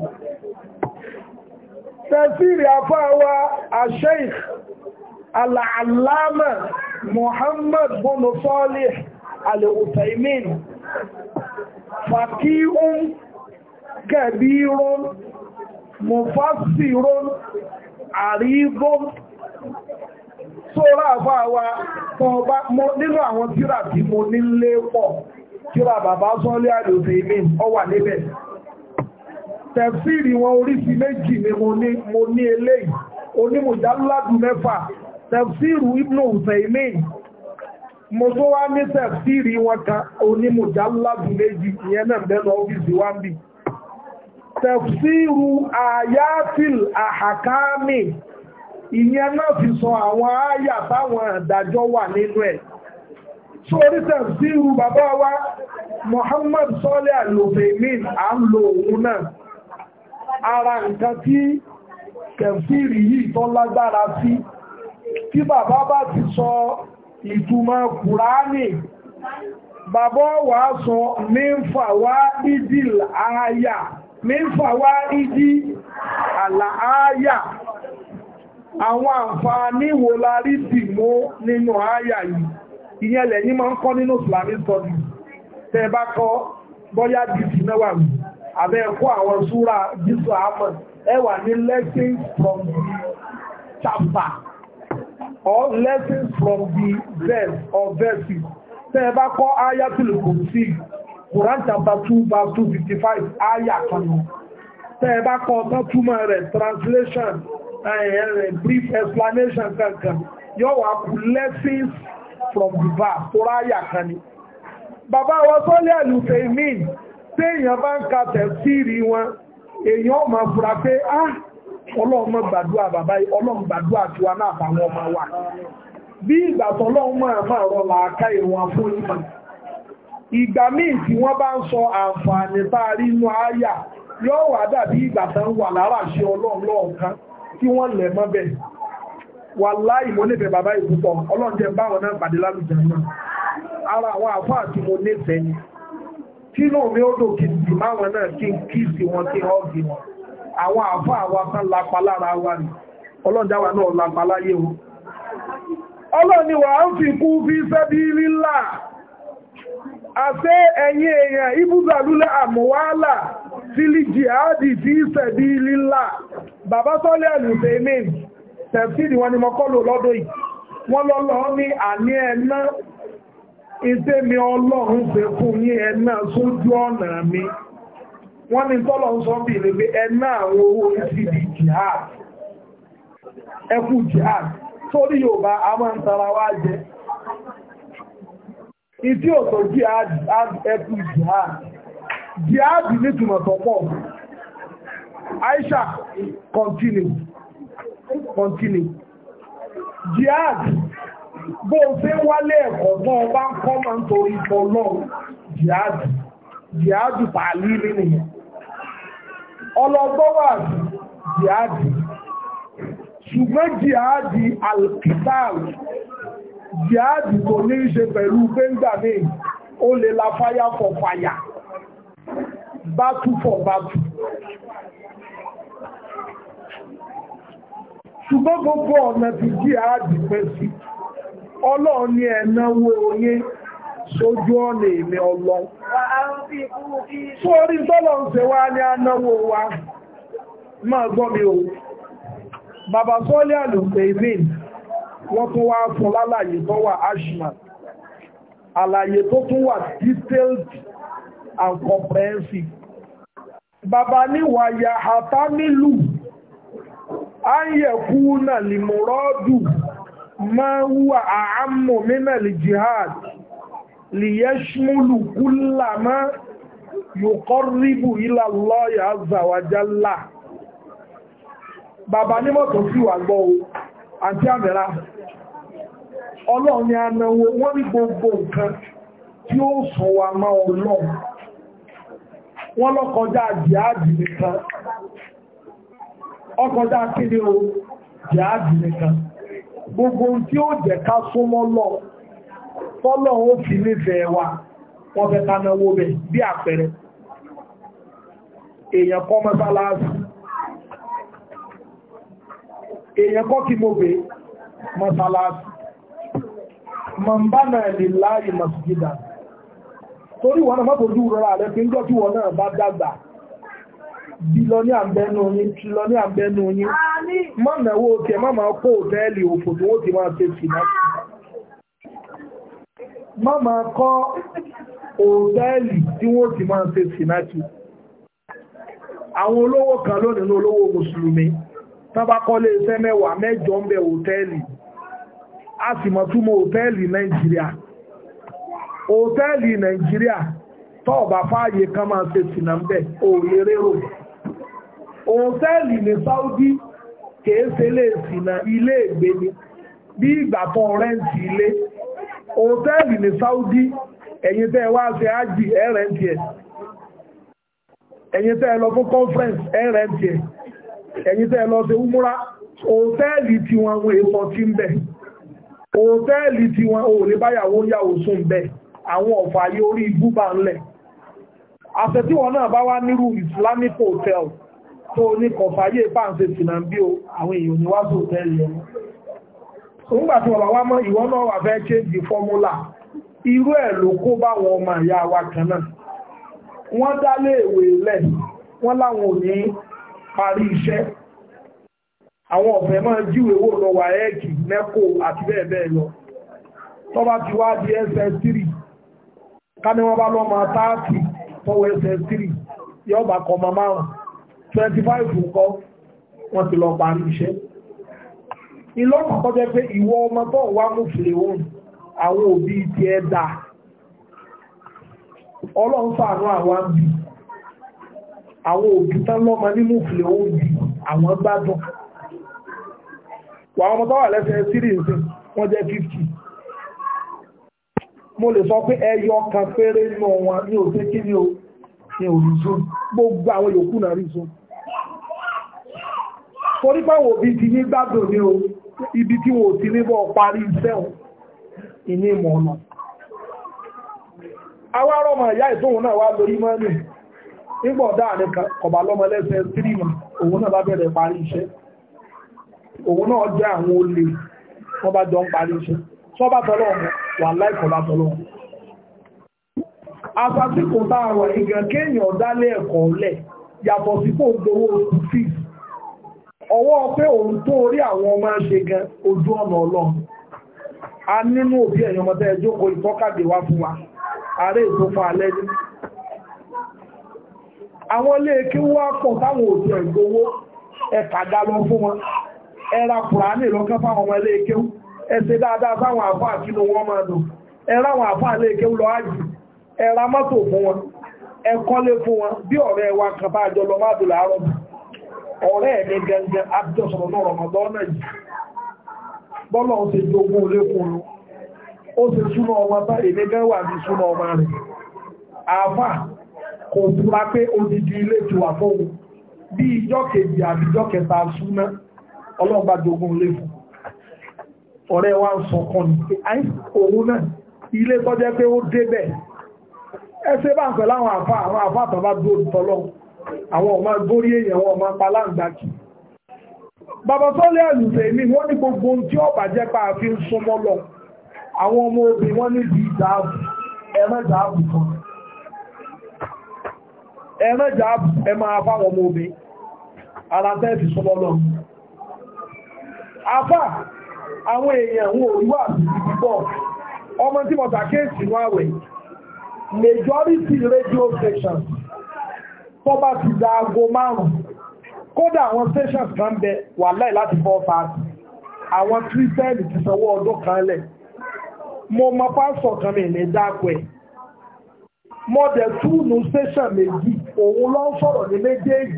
tẹ̀sírì afáwa asheikh alàlámà Muhammad bọ́nà sọ́ọ́lẹ̀ alẹ́wùsàímìn fàkíhún kẹbírún mufassirun àrígbọ́n tó ráàfà wa tán ọba nínú àwọn tíra tí mo nílé pọ̀ tíra bàbá sọ́lé àdòsè ilé ọwà níbẹ̀ tẹ̀fsìrì wọn oríṣi méjì ni mo ní eléyìí onímùjáládù mẹ́fà tẹ̀fsìrù ibnu Usaimin mo tó wá ní tẹ̀fsìrì wọn kan onímùjáládù méjì ìyẹn náà bẹ́nu ọ́fíìsì wá ń bì tẹ̀fsìrù àyáfìl àhàkámì ìyẹn náà fi sọ àwọn àyà táwọn àdájọ́ wà nínú ẹ̀ tó orí tẹ̀síru bàbá wa Muhammad sọ́lẹ̀ àlòfèmín à ń lo òun náà ara nǹkan tí kẹfìrì yìí tó lágbára sí tí bàbá bá ti sọ ìtumọ̀ kùránì bàbá wà sọ mẹ́fà wá ìdí àáyà mẹ́fà wá ìdí àwọn àǹfààní wo la rí dì mú nínú àyà yìí ìyẹn lẹ́yìn máa ń kọ́ nínú Islamic studies tẹ́ bá kọ́ bọ́yá dìtì mẹ́wàá mi àbẹ́ ẹ̀kọ́ àwọn súra Jésù lessons from the chapter or lessons from the verse or verses tẹ́ bá kọ́ àyà tìlùkù sí Quran chapter verse translation ẹ̀rẹ̀ eh, eh, brief explanation kankan yóò lessons from the verse tó ráyà kan ni bàbá wa sọ́lẹ̀ àlùfẹ́ mean bá ń ka tẹ̀síìrì wọn èèyàn ma fura pé ah ọlọ́run gbàdúrà bàbá ọlọ́run gbàdúrà tiwa bí ìgbà fún ìgbà wọ́n bá ń sọ àǹfààní rí inú wà dàbí tí wọ́n lẹ̀ mọ́ bẹ̀ wà láì mo nífẹ̀ẹ́ bàbá yìí púpọ̀ ọlọ́run jẹ́ báwọn náà pàdé lálùjá náà ara àwọn àfáà tí mo nífẹ̀ẹ́ ni tí náà mi ó dò kí n sì máwọn náà kí n kí sí wọn kí n ọ́ọ̀gì wọn àwọn àfáà wa kan lapa lára wa ni ọlọ́run jáwa náà lapa láyé o ọlọ́run ni wà á ń fi kú fi sẹ́bí lílà àṣẹ ẹ̀yìn èèyàn ibùsàlúlẹ̀ àmúwálà sílíjì àádìí fi sẹ́bí lílà bàbá sọ́lẹ̀ àlùfẹ́ mail tẹ̀síìdì wọn ni mọ́kọ́lò lọ́dọ̀ yìí wọ́n lọ́lọ́ ní àní ẹ̀ná iṣẹ́ ọlọ́run ṣe fún ní ẹ̀ná sójú ọ̀nà mi wọ́n ní tọ́lọ̀ ń sọ bí ilé pé àwọn owó ìsìdì jihad ẹkù jihad sórí Yorùbá a máa ń tara wá jẹ ìdí òtò ẹkù jihad jihad nítumọ̀ Aisha continue continue jihad bó o ṣe ń wálé ẹ̀kọ́ náà bá ń kọ́ máa ń torí ìfọ̀ náà jihad jihad pàálí nìyẹn ọlọ́gbọ́n wà sí jihad ṣùgbọ́n jihad alkitab jihad kò ní ṣe pẹ̀lú gbẹ́ngbà ó lè la fire for fire battle for battle ṣùgbọ́n gbogbo ọ̀nà ti jí àádìpẹ́ sí ọlọ́run ní ẹ̀náwó oyé sójú ọ̀nà èmì ọlọ́run sórí tọ́lọ́run ṣe wá ní anáwó wa máa gbọ́ mi o bàbá sọ́lé àlùfẹ́ ìmìn wọ́n tún wá fún lálàyé tó wà ashman àlàyé tó tún wà detailed and comprehensive bàbá ní wàyà àtàmìlù ayẹ̀kú náà lè mọ̀rọ́dù máa wúwà àámù mínà lè jihad lè yẹ ṣmúlù kúlàmá yòkọ́rìbù ilà lọ́yà azàwàjálà bàbá ní mọ́tò sí wà gbọ́ o àti àmìlá ọlọ́run ni a náwó wọ́n ní gbogbo nǹkan tí ó sọ wa máa ọlọ́run wọ́n lọ́kọjá jihadi nìkan ọkọjá kíni o jihadi nìkan gbogbo tí ó jẹ́ ká súnmọ́ lọ tọ́lọ̀ ó fi nífẹ̀ẹ́ wa wọ́n fẹ́ ká náwó bẹ̀ bí àpẹẹrẹ èèyàn kọ́ mọ́sálásí èèyàn kọ́ kí mo bè mọ́sálásí mọ̀mbánà lè láàyè mọ̀sígídà torí wọn náà má fojú rọra rẹ̀ pé ń jọ́ kí wọn náà bá dàgbà bílọ́ní àbẹ́nu yín trílọ́ní àbẹ́nu yín má náwó tí ẹ má máa kó òtẹ́ẹ̀lì òfò tó ti máa ṣe ṣìnà má máa kọ́ òtẹ́ẹ̀lì tí wọ́n ti máa ṣe ṣìnà kí àwọn olówó kan lónìí ní olówó mùsùlùmí tán bá kọ́lé iṣẹ́ mẹ́wàá mẹ́jọ ń a sì mọ̀ túmọ̀ òtẹ́ẹ̀lì Nàìjíríà òtẹ́ẹ̀lì nàìjíríà tọ́ọ̀bà fáàyè kan máa ṣe sínà ń bẹ̀ òòlè rérò òtẹ́ẹ̀lì ní Saudi kìí ṣe lè sínà ilé ìgbé ni bí ìgbà tó rẹ́ǹtì ilé òtẹ́ẹ̀lì ní Saudi ẹ̀yin wá ṣe ájì rẹ́ǹtì ẹ̀ ẹ̀yin lọ fún conference rẹ́ǹtì ẹ̀ ẹ̀yin lọ ṣe umura òtẹ́ẹ̀lì tí wọn wọn èso ti ń bẹ̀ òtẹ́ẹ̀lì tí wọn ò báyàwó yàwó sùn bẹ́ẹ̀ àwọn ọ̀fàyè orí ibú bá ń lẹ̀ àṣẹ tí wọn náà bá wá nírú Islamic hotel tó ní kọ̀fàyè pàǹsẹ̀ sinambio àwọn èèyàn níwájú hotel yẹn nígbà tí wọ́n wá mọ́ ìwọ náà wà fẹ́ change formula irú ẹ̀ ló kó bá wọn ọmọ ìyá wa kan náà wọ́n dálé ìwé lẹ̀ wọ́n láwọn ò ní parí iṣẹ́ àwọn ọ̀fẹ́ máa jíwèé wò lọ wà ẹ́ẹ̀kì mẹ́kò àti bẹ́ẹ̀ bẹ́ẹ̀ lọ tọ́ba ti wá di ss3 ká ní wọ́n bá lọ́mọ táàtì tọ́wọ́ ẹsẹ̀ tírì yóò bá kọ́ ọmọ márùn twenty five nǹkọ́ wọ́n ti lọ parí iṣẹ́ ìlọ́nà kọjá pé ìwọ ọmọ tó wà mú fìlèwọ̀n àwọn òbí ti ẹ̀ dà ọlọ́run fàánú àwọn àbí àwọn òbí tán lọ́mọ nínú fìlèwọ̀n bí àwọn gbádùn wà ọmọ tó wà lẹ́sẹ̀ tírì nǹkan wọ́n jẹ́ fifty mo lè sọ pé ẹyọ kan péré nù wọn ní òṣè kí ní o ní òrìṣò gbogbo àwọn yòókù náà rí so torí páwọn òbí ti ní gbádùn ní o ibi tí wọn ti níbọ̀ parí iṣẹ́ wọn ìní ìmọ̀ ọ̀nà àwọn arọ́mọ ìyá ìtòhun náà wá lórí mọ́nì nígbà ọ̀dá àrẹ kọ̀bà lọ́mọ lẹ́sẹ̀ sírìmà òun náà bá bẹ̀rẹ̀ parí iṣẹ́ òun náà jẹ́ àwọn olè wọ́n bá jọ ń parí iṣẹ́ sọ́bàtọ́lọ́ ọ̀mọ́ wà láìkọ̀lá tọ́lọ́wọ́ asásìkò tá a rọ̀ kéèyàn dálé ẹ̀kọ́ lẹ̀ yàtọ̀ sí kò gbowó oṣù fees ọwọ́ pé òun tó orí àwọn ọmọ ṣe gan ojú ọ̀nà ọlọ́run a nínú òbí ẹ̀yàn ọmọdé ẹjọ́ kò ìtọ́kàdé wa
ààrẹ ètò fún alẹ́ ní
àwọn ilé kí wọ́n pọ̀ táwọn òbí ẹ̀ gbowó ẹ̀ka fún wọn kùránì lọ́kàn fáwọn ọmọ ilé ẹ̀sẹ̀ dáadáa fáwọn àfáà kí ló wọ́n máa dùn ẹ̀rá àwọn àfáà lè kéwú lọ ájì ẹ̀rá mọ́tò fún wọn ẹ̀kọ́lé fún wọn bí ọ̀rẹ́ wa kan bá àjọ lọ má dùn láàárọ̀ ọ̀rẹ́ mi gangan abdọ́sọ̀rọ̀ náà rọ̀mọ̀dọ́ náà yìí bọ́lọ̀ ó ti jogún lékun lọ ó ti súná ọmọ bá èmi gan wà ní súná ọmọ rẹ̀ àfáà kò fura ọ̀rẹ́ wa ń sọ̀kan ní òun náà ilé tó jẹ́ pé ó débẹ̀ ẹsẹ́ bá ń pẹ̀lú àwọn àfá àwọn àfá àtàbá gbóòrù tọ́lọ́ àwọn ọmọ gbórí èèyàn àwọn ọmọ paláǹgbàkì bàbá tó lé àlùfẹ́ mi wọ́n ní gbogbo ohun tí ó bàjẹ́ pa àfi ń súnmọ́ lọ àwọn ọmọ obìnrin wọ́n ní bí ìdáàbò ẹ̀rọ ìdáàbò kan ẹ̀rọ ìdáàbò ẹ máa bá àwọn ọmọ obìnrin ara tẹ́ẹ̀sì súnmọ́ àwọn èèyàn wọn ò wà púpọ̀ ọmọ tí mọ̀tà kéèsì wọn àwẹ̀ majority radio stations tó bá ti da aago márùn-ún kódà àwọn stations kan bẹ wà láì láti four thirty àwọn kírísítẹ́nì ti sanwó ọdún kan lẹ̀ mo mọ pásọ̀ kan mi ní dákọ̀ ẹ̀ mo dẹ̀ túùnù station méjì òun ló ń sọ̀rọ̀ ní méjèèjì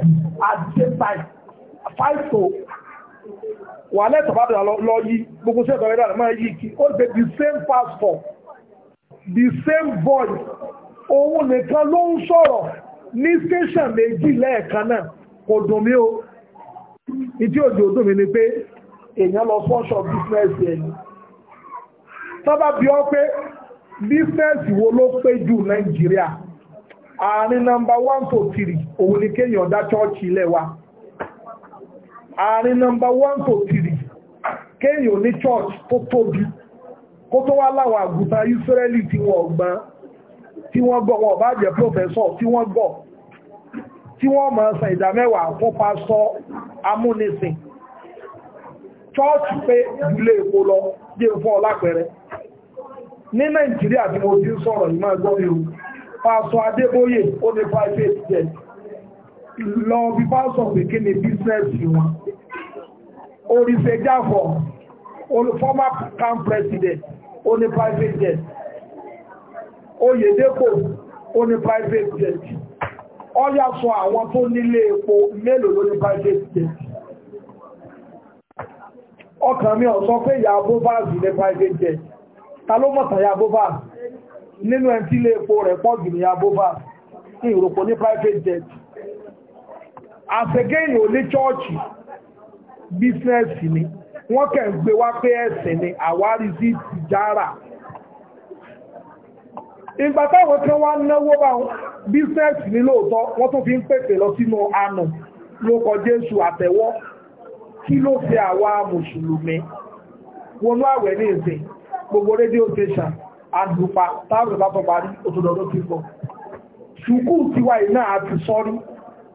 at the same time five to wà lẹ́tọ̀ bá bẹ̀rẹ̀ lọ yí gbogbo sí ẹ̀tọ̀ rẹ̀ dára máa yí kí ó ṣe the same pastor the same voice òun nìkan ló ń sọ̀rọ̀ ní station méjì lẹ́ẹ̀kan náà kò dùn mí o ìdí òjò dùn mí ni pé èèyàn lọ sponsor business ẹ̀yìn tọ́ba bí ọ pé business wo ló pé jù Nàìjíríà àárín number one to three òun ni kéèyàn dá chọ́ọ̀chì ilẹ̀ wa àárín nọmba 1 to 3 kéèyàn ní church tó tóbi kó tó wá láwọn àgùntàn Ísírẹ́lì tí wọ́n gbọ́n tí wọ́n gbọ́ wọn bá jẹ́ professor tí wọ́n gbọ́ tí wọ́n máa san ìdá mẹ́wàá fún pásọ amúnisìn chọ́ọ̀tì pé ilé epo lọ jẹ́ fún ọlápẹ̀rẹ ní Nàìjíríà tí mo ti ń sọ̀rọ̀ ní máa gbọ́ ìrù pásọ Adébóyè ó ní private jet lọ bí pásọ pé kí ni bísínẹ́sì wọn orífẹ́jáfọ́ former camp president ó ní private jet oyèdèkò ó ní private jet ọyá sọ àwọn tó nílé epo mélòó ló ní private jet ọkàn mi ọ̀sọ́ pé ìyá bóbáàzì ní private jet ta ló ya bóbáàzì nínú ẹni tí epo rẹ̀ pọ̀ ní ya ní ìròpò ní private jet àṣegẹ́yìn ò ní chọ́ọ̀chì bísínẹ́sì ni wọ́n kẹ̀ ń gbé wá pé ẹ̀sìn ni àwárí sí tìjára ìgbà táwọn tí wọ́n náwó bá bísínẹ́sì ni lóòótọ́ wọ́n tún fi ń pèpè lọ sínú ànà ló kọ Jésù àtẹ̀wọ́ kí ló fi àwa mùsùlùmí wọnú àwẹ̀ ní ìsìn gbogbo rédíò tẹ̀sán àdùpà táwọn ìbátọ̀ parí òtòdó tó ti bọ̀ ṣùkú tiwa ìná àti sọ́rí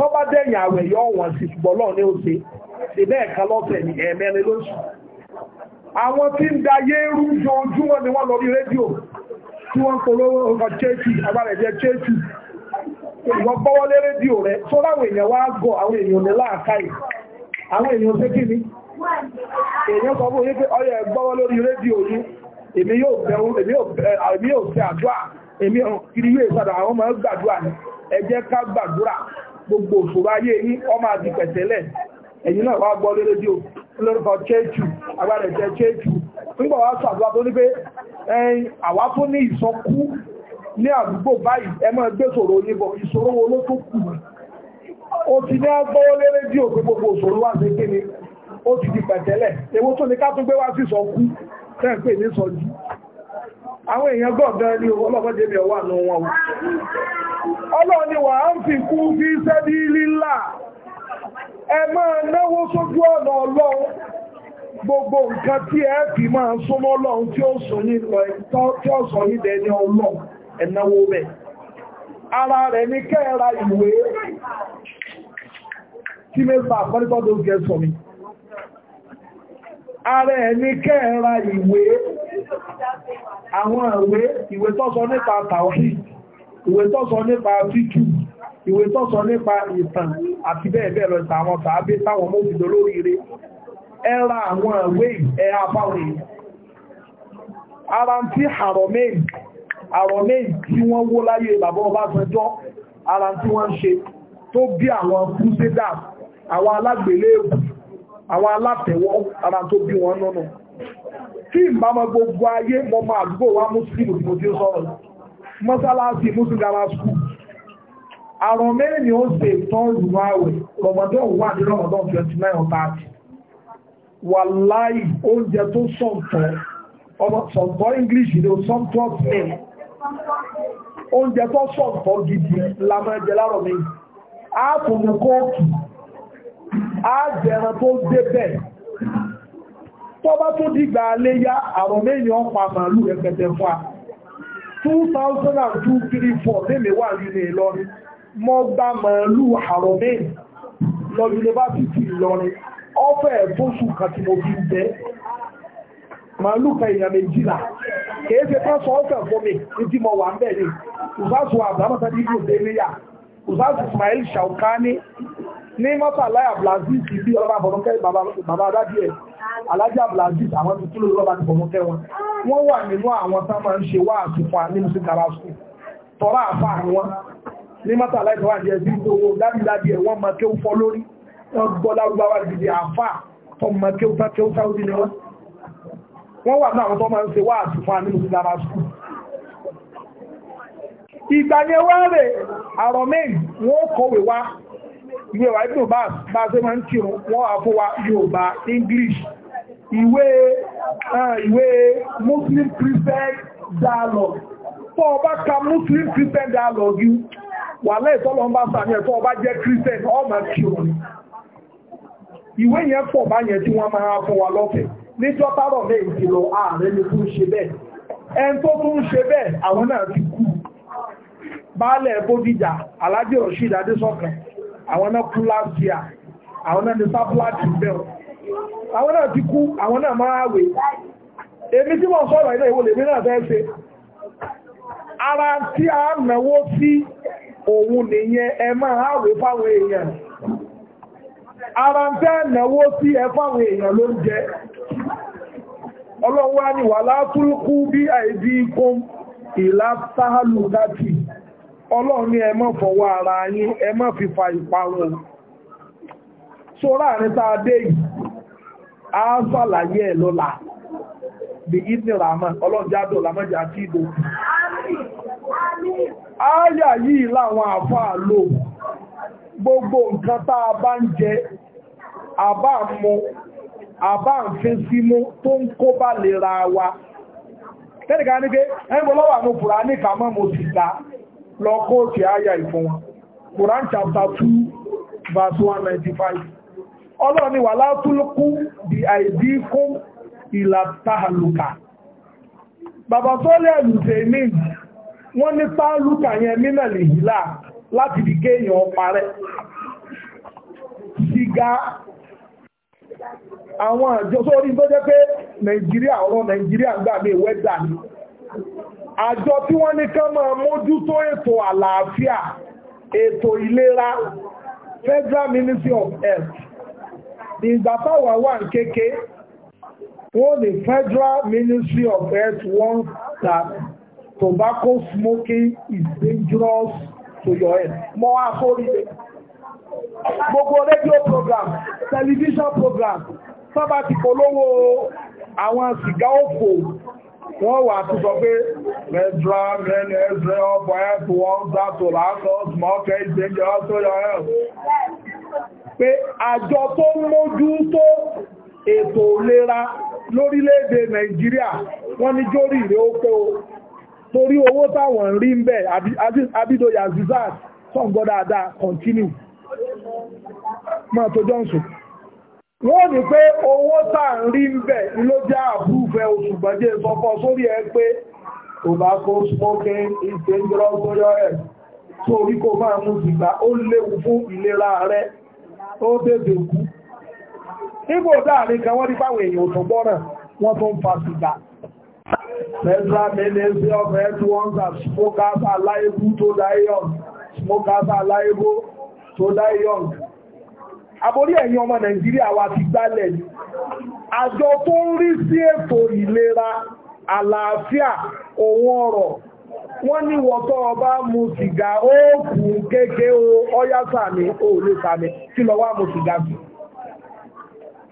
tó bá dẹ̀yìn àwẹ̀ yọ wọ̀n sí ṣùgbọ́n ní òṣè ìbẹ́ ẹ̀ka lọ́sẹ̀ ní ẹ̀mẹ́rin lóṣù àwọn tí ń rú jọjúmọ́ ni wọ́n lọ rí rédíò tí wọ́n polówó ọkọ̀ chéèkì agbárẹ̀jẹ́ chéèkì ìwọ̀n rédíò rẹ̀ tó láwọn wá gọ̀ àwọn èèyàn ní àwọn èèyàn èèyàn sọ fún rédíò gbogbo òṣòro ayé yín ọmọ àti pẹ̀tẹ́lẹ̀ ẹ̀yìn náà wá gbọ́ lórí rédíò lórúkọ chéèjù agbára ẹ̀jẹ̀ chéèjù nígbà wá sọ àdúrà tó ní pé ẹ̀yìn àwa tó ní ìsọkú ní àdúgbò báyìí ẹ máa gbé sòrò oníbọ̀ ìṣòro wo ló tó kù ó ti ní agbọ́wọ́ lé rédíò pé gbogbo òṣòro wà sí kíni ó ti di pẹ̀tẹ́lẹ̀ èwo tó ní ká tún gbé wá sí ìsọkú tẹ́ ń pè ní sọjú àwọn èèyàn gọ̀ọ̀gán ní ọlọ́pọ̀dé mi ọwà nù wọn ni wà á ń fi kú fi lílà ẹ máa náwó sójú ọ̀nà ọlọ́run gbogbo nǹkan tí ẹ fi máa súnmọ́ ọlọ́run tí ó sọ ní lọ tí ó ara rẹ̀ ní ìwé mẹ́fà ara ẹni kẹ́ẹ̀ra ìwé àwọn ìwé ìwé tọ́sọ nípa tàwí ìwé tọ́sọ nípa fíkì ìwé tọ́sọ nípa ìtàn àti bẹ́ẹ̀bẹ́ẹ̀ lọ ìtàn àwọn tàbí táwọn mọ́bìdó lórí ire ẹra àwọn ìwé ẹ̀yà fáwọn ara tí àrọ̀mẹ́ì àrọ̀mẹ́ì tí wọ́n wó láyé bàbá Ọbásanjọ́ ara tí wọ́n ń ṣe tó bí àwọn crusaders àwọn alágbèlé àwọn alátẹ̀wọ́ ara tó bí wọn nínú tí n bá mọ gbogbo ayé mọ mọ àdúgbò wa mùsùlùmí ni mo ti sọ̀rọ̀ mọ́sálásí mùsùlùmí ara skul àrùn mẹ́rin ó ṣe tán ìlú àwẹ̀ rọmọdún wà ní rọmọdún twenty nine or thirty wàláì oúnjẹ tó sọ̀tọ̀ ọmọ sọ̀tọ̀ english ni ó sọ̀tọ̀ smell oúnjẹ tó sọ̀tọ̀ gidi lamẹ́jẹ lárọ̀ mi ààfùnù kóòtù á jẹran tó débẹ̀ tó bá tó dìgbà léyá àrùn mẹ́yìn ọ̀pá màálù rẹpẹtẹ fún a 2002 wà nílé Ìlọrin mọ́ gbá màálù àrùn mẹ́yìn lọ yunifásitì Ìlọrin ọ́fẹ́ tó ṣùkà tí mo fi jẹ́ màálù kan méjìlá kìí ṣe tán fún mi ní mọ́tàlá abdulaziz bí ọba bọ̀mọ́kẹ́ bàbá adájí ẹ̀ alájá abdulaziz àwọn ti túlù lọ́ba ti bọ̀mọ́kẹ́ wọn wọ́n wà nínú àwọn tán máa ń ṣe wá àtìfún ní musu kara school tọ́rọ àfà àwọn ní mọ́tàlá ìtọ́wà jẹ́ sí owó dábìlábì ẹ̀ wọ́n máa kéwú fọ́ lórí wọ́n gbọ́ lárúbáwá dìde àfà tó máa kéwú fẹ́ kéwú sáwùdí ni wọ́n wọ́n wà náà tó máa ń ṣe wá àtìfún ìwé wa ìbìnú bá bá ṣe máa ń kírun wọ́n á fún wa Yorùbá English ìwé Muslim Christian dialogue fọ́ ọba ka Muslim Christian dialogue yìí wà lẹ́ẹ̀tọ́lọ́ ń bá sàmì ẹ̀fọ́ ọba jẹ́ Christian ọmọ kírun ìwé yẹn pọ̀ bá yẹn tí wọ́n máa fún wa lọ́fẹ̀ẹ́ níjọ́ tárọ̀ mẹ́ ti lọ ààrẹ ní tó ń ṣe bẹ́ẹ̀ ẹn tó tó ń ṣe bẹ́ẹ̀ àwọn náà ti kú baálẹ̀ bódìjà alájẹ́ òṣìdádé sọ́kàn àwọn náà kú last àwọn náà ní bẹ́ẹ̀ àwọn náà ti kú àwọn náà máa wè èmi tí wọ́n sọ̀rọ̀ ilé ìwò lèmi náà fẹ́ ṣe ara tí a náwó sí òun nìyẹn ẹ máa wè fáwọn èèyàn ara tí a náwó sí ẹ fáwọn èèyàn ló ń jẹ ọlọ́wọ́ á ní wà látúrúkú bí àìdí kún ìlà sáhálù ọlọ́run ní ẹ fọwọ́ ara yín ẹ fífà ìparun so láàrin tá a dé yìí a ṣàlàyé ẹ̀ lọ́la bí ìdí ràmà ọlọ́run jáde ọ̀làmọ́jà àti ìdò afọ yìí láwọn gbogbo nǹkan tá a bá ń jẹ àbá àbá ń fi símú tó ń kó bá lè ra wa tẹ́lẹ̀ká ní pé lọ kóòtì àyà ìfún wọn Quran chapter 2 verse 195 ni wà látúlùkú di àìdíkún ìlà tàhàlùkà bàbá tó lè lùtẹ̀ ní wọ́n ní tàhàlùkà yẹn mínàlì hìlà láti di kéèyàn parẹ́ siga àwọn àjọ sórí tó jẹ́ pé Nàìjíríà ọ̀rọ̀ Nàìjíríà gbàgbé wẹ́dà ni àjọ tí wọ́n ní kán máa mójútó ètò àlàáfíà ètò ìlera Federal Ministry of Health ìgbà táwa wà ń kéke wọ́n ní Federal Ministry of Health warns that tobacco smoking is dangerous to your health mọ́ àkórílẹ̀ gbogbo rédíò program television program sábà ti polówó àwọn sìgá òfò wọ́n wà ti sọ pé mẹ́dra mẹ́rin ẹ̀ẹ́sẹ̀ ọ̀pọ̀ ẹ̀ẹ́pù wọ́n sàtò láàkọ́ smọ́kẹ́ ìsẹ́jẹ́ ọ́sọ́yọ̀ ẹ̀ pé àjọ tó mójú tó ètò ìlera lórílẹ̀-èdè Nàìjíríà wọ́n ní jórí ilé oko torí owó táwọn rí ń bẹ̀ abido yazizat continue máa tó Johnson wọ́n ní pé owó tà ń rí ń bẹ̀ ló jẹ́ àbúfẹ́ oṣù gbàjẹ́ ìsọpọ̀ sórí ẹ pé tobacco smoking is dangerous for your health tó orí kò máa mú sìgbà ó léwu fún ìlera rẹ ó tètè kú nígbò dáàrin kan wọ́n ní fáwọn èèyàn tó gbọ́nà wọ́n tó ń fa sìgbà federal ministry smokers are liable to die young smokers are liable to die young àborí ẹ̀yin ọmọ nàìjíríà wa ti gbálẹ̀ ni àjọ tó ń rí sí ètò ìlera àlàáfíà òun ọ̀rọ̀ wọ́n ní wọ́tọ́ ọba mu sìgá óòkù kéèké o ọyá sàmì òòlù sàmì tí lọ wá mu sìgá sí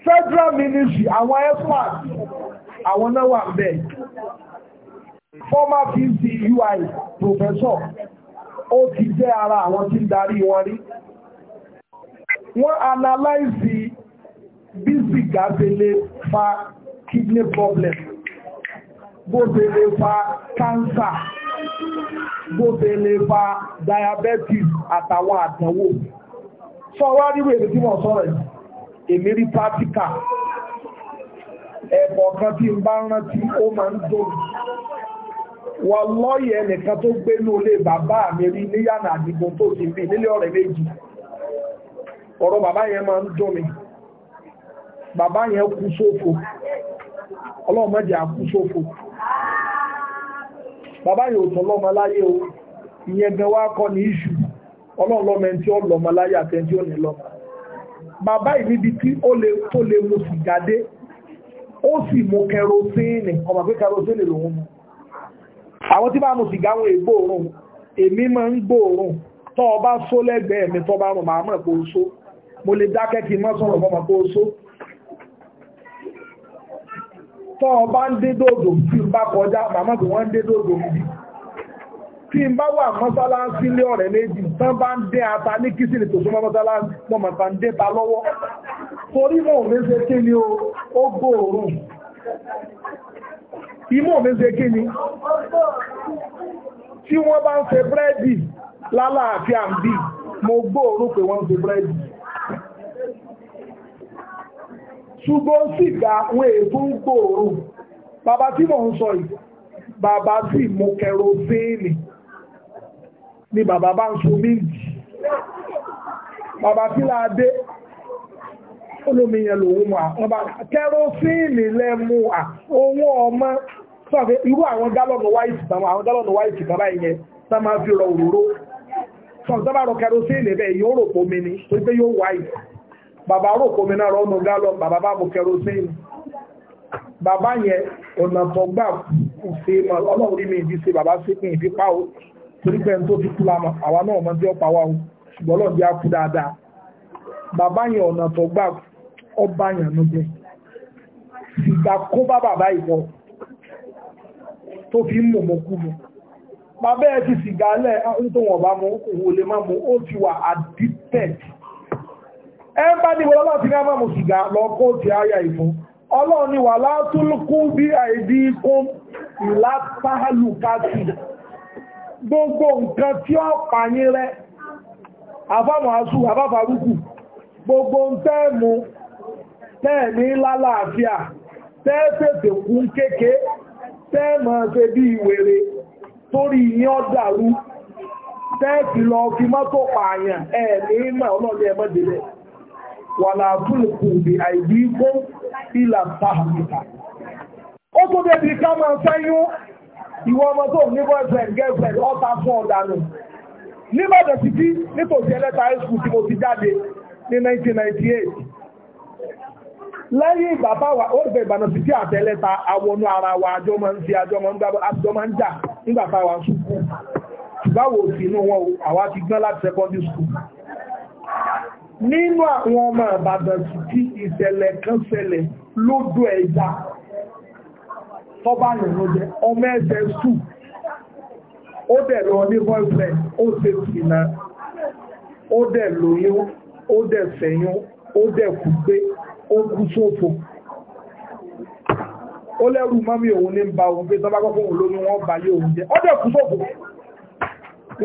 federal ministry àwọn expert àwọn náà wà bẹ́ẹ̀ former pcui professor ó ti jẹ́ ara àwọn tí ń darí wọn rí wọ́n analyze bí sìgá tẹ́lẹ̀ fa kidney problem bó tẹ́lẹ̀ fa cancer bó tẹ́lẹ̀ fa diabetes àtàwọn àdánwò sọ wá níwò èrè tí wọ́n sọ̀rọ̀ èmi rí pátíkà ẹ̀bọ̀ kan tí ń bá rántí ó máa ń dùn wà lọ́yẹ̀ ẹnìkan tó gbénú ilé bàbá mi rí níyànà àdìgbò tó ti bí nílé ọ̀rẹ́ méjì ọ̀rọ̀ bàbá yẹn máa ń mi. mí bàbá yẹn kú sófo ọlọ́run jẹ́ àkú bàbá yẹn láyé o ìyẹn gan wá kọ́ ní ìṣù ọlọ́run tí ó lọ́mọ àtẹ́ tí ó ní bàbá yìí níbi tí ó lè ó sì kẹrosíìnì ọmọ pé kẹrosíìnì lòun àwọn tí bá sìgá wọn èmi máa ń gbóòrùn mo lè dákẹ́ kí mọ́ sọ̀rọ̀ fọ́mọ̀ kó só tọ́ ọ bá ń dé dòdò tí n bá kọjá màmá tó wọ́n ń dé dòdò níbi tí n bá wà mọ́sálásí lé ọ̀rẹ́ méjì tán bá ń dé ata ní kìsìnì tó súnmọ́ mọ́sálásí mọ́ màtà dé ta lọ́wọ́ torí mọ̀ mi ṣe kí ni ó gbòòrùn imú mi ṣe kí ni tí wọ́n bá ń ṣe búrẹ́dì lálàáfíà ń bì mo gbòòrùn pé wọ́n ń ṣe búrẹ́dì ṣùgbọ́n sìgá wọn èébú ń gbòòrùn bàbá tí mò ń sọ yìí bàbá sì mú kẹrosíìnì ni bàbá bá ń so méjì bàbá tí láadé olómi yẹn lòun mọ̀ àwọn kẹrosíìnì lẹ́mú à owó ọmọ sọ́fẹ́ irú àwọn gálọ́nù wáìtì kan àwọn gálọ́nù wáìtì fi rọ òróró sọ́fẹ́ tó bàbá rò kómi náà rọ́nù gálọ̀ bàbá bá bu kerosene bàbá yẹn ọ̀nà tó gbà kù sí ọlọ́run rí mi ìdí sí bàbá sí pin ìdí pa o torí pé n tó ti kú lámà àwa náà mọ tí ó pa wá o ṣùgbọ́n ọlọ́run bí a kú dáadáa bàbá yẹn ọ̀nà tó gbà ọba yẹn ló jẹ ìgbà kó bá bàbá ìwọ tó fi ń mọ̀ mọ̀ kú bàbá ẹ ti sìgá lẹ̀ nítorí wọn bá mọ òun ò lè má mọ ó ti wà addicted ẹ ń bá níbo lọ́lọ́ ti ní àmọ́ mùsìgá lọ kó ti àyà ìfún ọlọ́run ni wà látúlùkú bí àìdí kún ìlápáhálùkátì gbogbo nǹkan tí ó pàyín rẹ àbámọ̀ asú àbáfarúkù gbogbo ń tẹ́ẹ̀mù tẹ́ẹ̀mí lálàáfíà tẹ́ẹ̀tẹ̀tẹ̀ kún kéèké tẹ́ẹ̀mọ̀ ṣe bí ìwèrè torí yín ọ̀dàrú tẹ́ẹ̀tì lọ fi wàlá túnkù bí àìbí kó ìlà tààmìta. Ó tó débi ká máa fẹ́yún ìwọ ọmọ tó ní boyfriend girlfriend ọ́ta fún ọ̀dànù. Nígbàdàn sí tí nítòsí ẹlẹ́ta high school tí mo ti jáde ní 1998. Lẹ́yìn ìgbà báwa ó rẹ̀ ìgbà náà sí tí àtẹ́lẹ́ta awọnú ara wa àjọ máa ń fi àjọ máa ń gbábọ́ àjọ máa ń jà nígbà táwa ń sùkú. Ṣùgbáwò sí àwa ti gbọ́n láti secondary school nínú àwọn ọmọ Ìbàdàn tí ìṣẹ̀lẹ̀ kan ṣẹlẹ̀ lódò ẹja tọ́bà nínú jẹ́ ọmọ ẹ̀sẹ̀ sù ó dẹ̀ lọ ní boyfriend ó ṣe sìnà ó dẹ̀ lóyún ó dẹ̀ fẹ̀yún ó dẹ̀ kú pé ó kú sófò ó lẹ́rù mọ́mí òun ní ba òun pé tọ́bà kọ́kọ́ òun lóyún wọ́n bá yé òun jẹ́ ó dẹ̀ kú sófò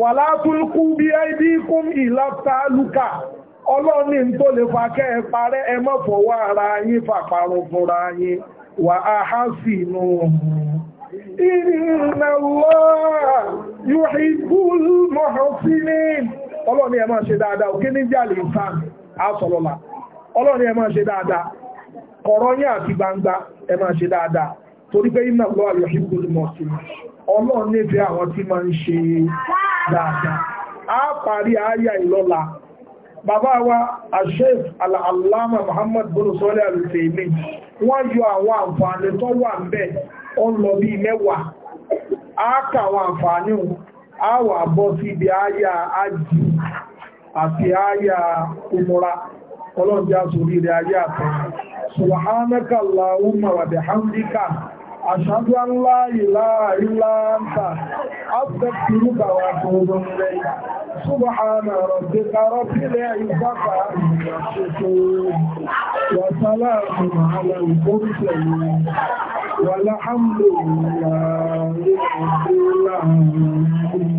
wà látúnkú bí ẹ́dí kún ìlàtà lúkà ọlọ́ni tó lè fa kẹ́ parẹ́ ẹ fọwọ́ ara yín fàparun fúnra yín wà á sí inú Inna ọlọ́ni ẹ ṣe dáadáa òkè ní jàlè ìfàn àṣọlọ́lá ọlọ́ni ẹ ṣe dáadáa kọ̀rọ̀ àti gbangba ẹ ma ṣe dáadáa torí pé Inna Allah yuhibbul muhsinin ọlọ́ni fẹ́ àwọn tí máa ń ṣe dáadáa bàbá wa ashef al'allama Muhammad bin sọ́lẹ̀ alùfèémí wọ́n yọ àwọn àǹfààní tó wà ń bẹ̀ ó lọ bí mẹ́wàá a kà àwọn àǹfààní a wà bọ́ sí ibi àyà ájì àti àyà umura ọlọ́njá sórí rẹ̀ ayé àtọ́ subhanaka Allahumma wa bihamdika أشهد أن لا إله إلا أنت أستغفرك وأتوب إليك سبحان ربك رب العزة عما يصفون وسلام على المرسلين
والحمد لله رب العالمين